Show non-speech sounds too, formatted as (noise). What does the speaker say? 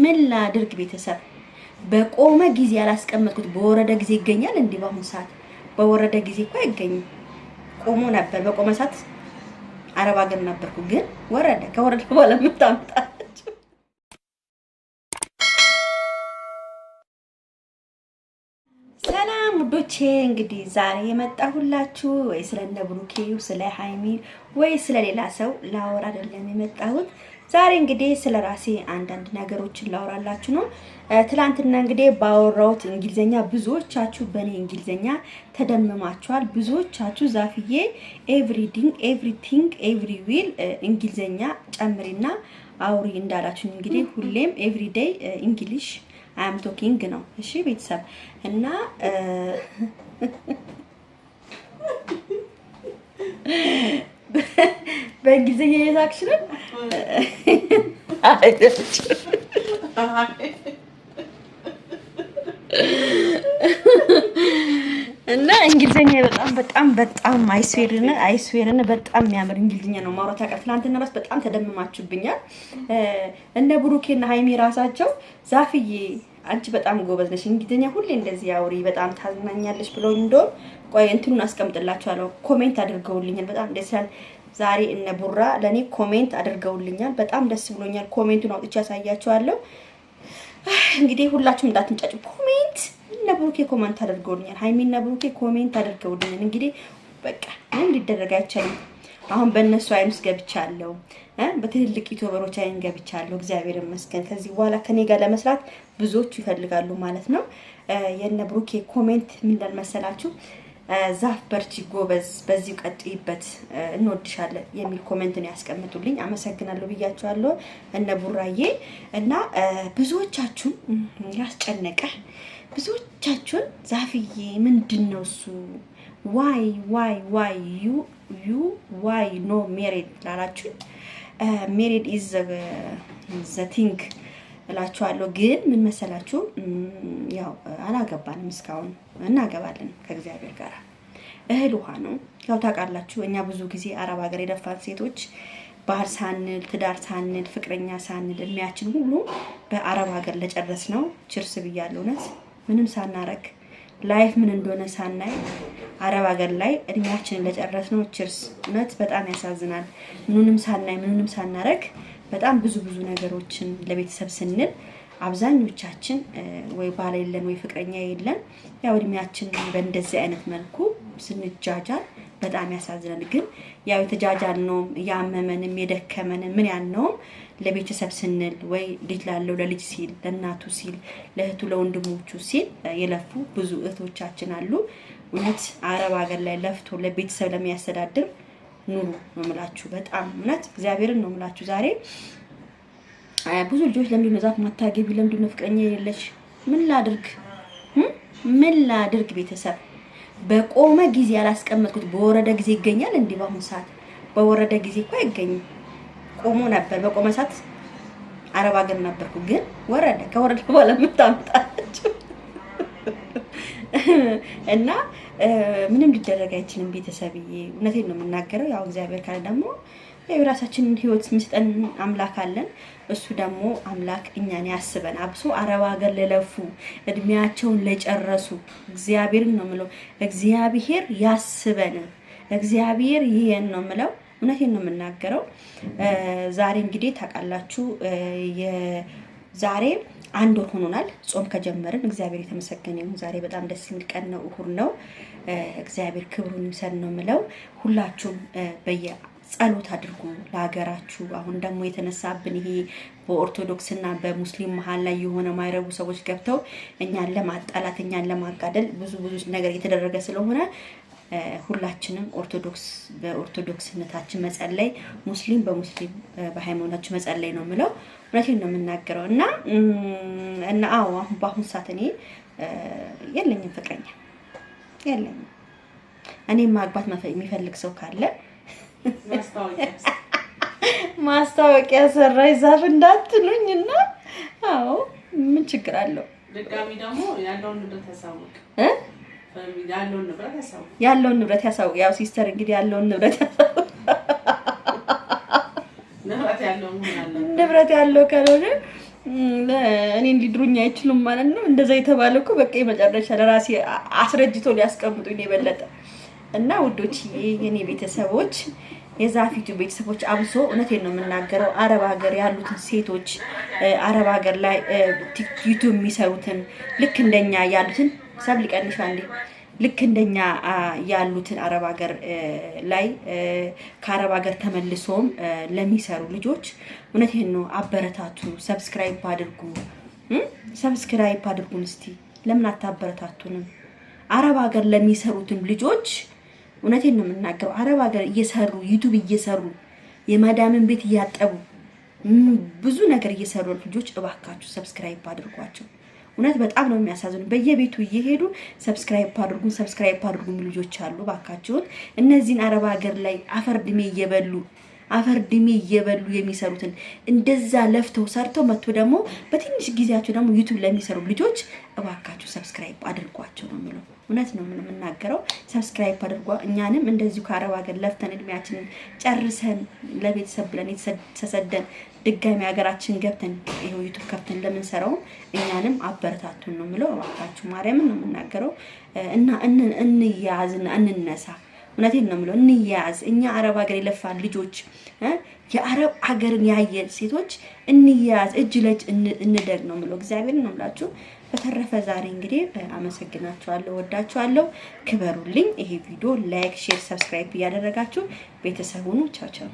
ምን ላድርግ ቤተሰብ? በቆመ ጊዜ ያላስቀመጥኩት በወረደ ጊዜ ይገኛል እንዴ? በአሁኑ ሰዓት በወረደ ጊዜ እኮ አይገኝም። ቆሞ ነበር። በቆመ ሰዓት አረብ ሀገር ነበርኩ፣ ግን ወረደ። ከወረደ በኋላ የምታምጣ ውዶቼ እንግዲህ ዛሬ የመጣሁላችሁ ወይ ስለ እነ ስለ ሀይሚ ወይ ስለ ሌላ ሰው ላወራ አይደለም የመጣሁት። ዛሬ እንግዲህ ስለ ራሴ አንዳንድ ነገሮችን ላወራላችሁ ነው። ትላንትና እንግዲህ ባወራሁት እንግሊዝኛ ብዙዎቻችሁ በእኔ እንግሊዝኛ ተደምማችኋል። ብዙዎቻችሁ ዛፍዬ ኤቭሪዲንግ ኤቭሪቲንግ ኤቭሪዊል እንግሊዝኛ ጨምሪና አውሪ እንዳላችሁ እንግዲህ ሁሌም ኤቭሪዴይ እንግሊሽ አም ቶኪንግ ነው። እሺ ቤተሰብ እና በእንግሊዝኛ የሳቅሽ ነው እና እንግሊዝኛ በጣም በጣም በጣም አይስዌርን አይስዌርን በጣም የሚያምር እንግሊዝኛ ነው ማውራት ያቀር። ትናንትና እራሱ በጣም ተደምማችሁብኛል። እነ ብሩኬና ሀይሚ ራሳቸው ዛፍዬ አንቺ በጣም ጎበዝ ነሽ፣ እንግሊዝኛ ሁሌ እንደዚህ አውሪ፣ በጣም ታዝናኛለሽ ብለው እንደውም ቆይ እንትኑን አስቀምጥላችኋለሁ ኮሜንት አድርገውልኛል። በጣም ደስ ይላል። ዛሬ እነ ቡራ ለእኔ ኮሜንት አድርገውልኛል። በጣም ደስ ብሎኛል። ኮሜንቱን አውጥቼ ያሳያችኋለሁ። እንግዲህ ሁላችሁም እንዳትንጫጩ ኮሜንት ሀይሚና ብሩኬ ኮመንት አድርገውልኛል። ሀይሚና ብሩኬ ኮሜንት አድርገውልኛል። እንግዲህ በቃ ምን ሊደረግ አይቻልም። አሁን በእነሱ አይን ውስጥ ገብቻለሁ፣ በትልልቅ ዩቲዩበሮች አይን ገብቻለሁ። እግዚአብሔር ይመስገን። ከዚህ በኋላ ከኔ ጋር ለመስራት ብዙዎቹ ይፈልጋሉ ማለት ነው። የነ ብሩኬ ኮሜንት ምን መሰላችሁ? ዛፍ በርቺ፣ ጎበዝ፣ በዚህ ቀጥይበት፣ እንወድሻለን የሚል ኮሜንት ነው ያስቀምጡልኝ። አመሰግናለሁ ብያቸዋለሁ እነ ቡራዬ እና ብዙዎቻችሁ ያስጨነቀ ብዙዎቻችሁን ዛፍዬ ምንድን ነው እሱ ዋይ ዋይ ዋይ ዩ ዩ ዋይ ኖ ሜሬድ ላላችሁ ሜሬድ ኢዝ ዘ ቲንግ እላችኋለሁ። ግን ምን መሰላችሁ፣ mm, ያው አላገባንም እስካሁን፣ እናገባለን ከእግዚአብሔር ጋር። እህል ውሃ ነው። ያው ታውቃላችሁ፣ እኛ ብዙ ጊዜ አረብ ሀገር የደፋን ሴቶች ባህል ሳንል ትዳር ሳንል ፍቅረኛ ሳንል እድሜያችን ሁሉ በአረብ ሀገር ለጨረስ ነው። ችርስ ብያለሁ እውነት ምንም ሳናረግ ላይፍ ምን እንደሆነ ሳናይ አረብ ሀገር ላይ እድሜያችንን ነው። ችርስ እውነት በጣም ያሳዝናል። ምኑንም ሳናይ ምኑንም ሳናረግ በጣም ብዙ ብዙ ነገሮችን ለቤተሰብ ስንል አብዛኞቻችን ወይ ባል የለን ወይ ፍቅረኛ የለን። ያው እድሜያችን በእንደዚህ አይነት መልኩ ስንጃጃል በጣም ያሳዝናል። ግን ያው ነው ያመመንም የደከመንም ምን ያልነውም ለቤተሰብ ስንል ወይ ልጅ ላለው ለልጅ ሲል ለእናቱ ሲል ለእህቱ ለወንድሞቹ ሲል የለፉ ብዙ እህቶቻችን አሉ። እውነት አረብ ሀገር ላይ ለፍቶ ለቤተሰብ ለሚያስተዳድር ኑሩ ነው ምላችሁ። በጣም እውነት እግዚአብሔርን ነው የምላችሁ። ዛሬ ብዙ ልጆች ለምንድን ነው ዛፍ ማታገቢ? ለምንድን ነው ፍቅረኛ የሌለች? ምን ላድርግ ምን ላድርግ ቤተሰብ በቆመ ጊዜ ያላስቀመጥኩት በወረደ ጊዜ ይገኛል እንዴ? በአሁኑ ሰዓት በወረደ ጊዜ እኮ አይገኝም። ቆሞ ነበር። በቆመ ሰዓት አረብ ሀገር ነበርኩ፣ ግን ወረደ። ከወረደ በኋላ የምታመጣቸው እና ምንም ሊደረግ አይችልም። ቤተሰብዬ፣ እውነቴን ነው የምናገረው። ያው እግዚአብሔር ካለ ደግሞ የራሳችንን ህይወት የሚሰጠን አምላክ አለን። እሱ ደግሞ አምላክ እኛን ያስበን። አብሶ አረብ ሀገር ለለፉ እድሜያቸውን ለጨረሱ እግዚአብሔርን ነው የምለው። እግዚአብሔር ያስበን። እግዚአብሔር ይሄን ነው የምለው። እውነቴን ነው የምናገረው። ዛሬ እንግዲህ ታውቃላችሁ ዛሬ አንድ ወር ሆኖናል ጾም ከጀመርን። እግዚአብሔር የተመሰገነ ይሁን። ዛሬ በጣም ደስ የሚል ቀን ነው፣ እሁድ ነው። እግዚአብሔር ክብሩን ይምሰል ነው ምለው ሁላችሁም በየ ጸሎት አድርጉ ለሀገራችሁ። አሁን ደግሞ የተነሳብን ይሄ በኦርቶዶክስና በሙስሊም መሀል ላይ የሆነ ማይረቡ ሰዎች ገብተው እኛን ለማጣላት እኛን ለማጋደል ብዙ ብዙ ነገር የተደረገ ስለሆነ ሁላችንም ኦርቶዶክስ በኦርቶዶክስነታችን መጸለይ፣ ሙስሊም በሙስሊም በሃይማኖታችን መጸለይ ነው የምለው። እውነቴን ነው የምናገረው እና እና አዎ አሁን በአሁን ሰዓት እኔ የለኝም ፍቅረኛ የለኝም። እኔ ማግባት የሚፈልግ ሰው ካለ ማስታወቂያ (laughs) ሰራች ዛፍ እንዳትሉኝ እና አዎ፣ ምን ችግር አለው? ድጋሚ ደግሞ ያለውን ንብረት ያሳውቅ ያለውን ንብረት ያሳውቅ። ንብረት ያሳውቅ። ያው ሲስተር እንግዲህ ያለውን ንብረት ያሳውቅ። ንብረት ያለው ካልሆነ እኔ ሊድሩኝ አይችሉም ማለት ነው። እንደዛ የተባለ እኮ በቃ የመጨረሻ ለራሴ አስረጅቶ ሊያስቀምጡኝ የበለጠ እና ውዶች የኔ ቤተሰቦች የዛፊቱ ቤተሰቦች አብሶ እውነቴን ነው የምናገረው፣ አረብ ሀገር ያሉትን ሴቶች አረብ ሀገር ላይ ዩቱብ የሚሰሩትን ልክ እንደኛ ያሉትን ሰብ ሊቀንሽ አንዴ ልክ እንደኛ ያሉትን አረብ ሀገር ላይ ከአረብ ሀገር ተመልሶም ለሚሰሩ ልጆች እውነቴን ነው አበረታቱ፣ ሰብስክራይብ አድርጉ፣ ሰብስክራይብ አድርጉን። እስቲ ለምን አታበረታቱንም? አረብ ሀገር ለሚሰሩትም ልጆች እውነቴን ነው የምናገረው። አረብ ሀገር እየሰሩ ዩቱብ እየሰሩ የማዳምን ቤት እያጠቡ ብዙ ነገር እየሰሩ ልጆች እባካችሁ ሰብስክራይብ አድርጓቸው። እውነት በጣም ነው የሚያሳዝኑ። በየቤቱ እየሄዱ ሰብስክራይብ አድርጉን፣ ሰብስክራይብ አድርጉን ልጆች አሉ። እባካችሁን እነዚህን አረብ ሀገር ላይ አፈር ድሜ እየበሉ አፈር ድሜ እየበሉ የሚሰሩትን እንደዛ ለፍተው ሰርተው መጥቶ ደግሞ በትንሽ ጊዜያቸው ደግሞ ዩቱብ ለሚሰሩ ልጆች እባካችሁ ሰብስክራይብ አድርጓቸው ነው የምለው። እውነት ነው የምናገረው። ሰብስክራይብ አድርጓ። እኛንም እንደዚሁ ከአረብ ሀገር ለፍተን እድሜያችንን ጨርሰን ለቤተሰብ ብለን የተሰደን ድጋሚ ሀገራችን ገብተን ይኸው ዩቱብ ከፍተን ለምንሰራው እኛንም አበረታቱን ነው የምለው። እባካችሁ ማርያምን ነው የምናገረው እና እንያዝና እንነሳ እውነቴን ነው የምለው። እንያያዝ። እኛ አረብ ሀገር የለፋን ልጆች የአረብ ሀገርን ያየ ሴቶች እንያያዝ፣ እጅ ለእጅ እንደግ ነው የምለው። እግዚአብሔር ነው የምላችሁ። በተረፈ ዛሬ እንግዲህ አመሰግናችኋለሁ፣ ወዳችኋለሁ፣ ክበሩልኝ። ይሄ ቪዲዮ ላይክ፣ ሼር፣ ሰብስክራይብ እያደረጋችሁ ቻው ቻው።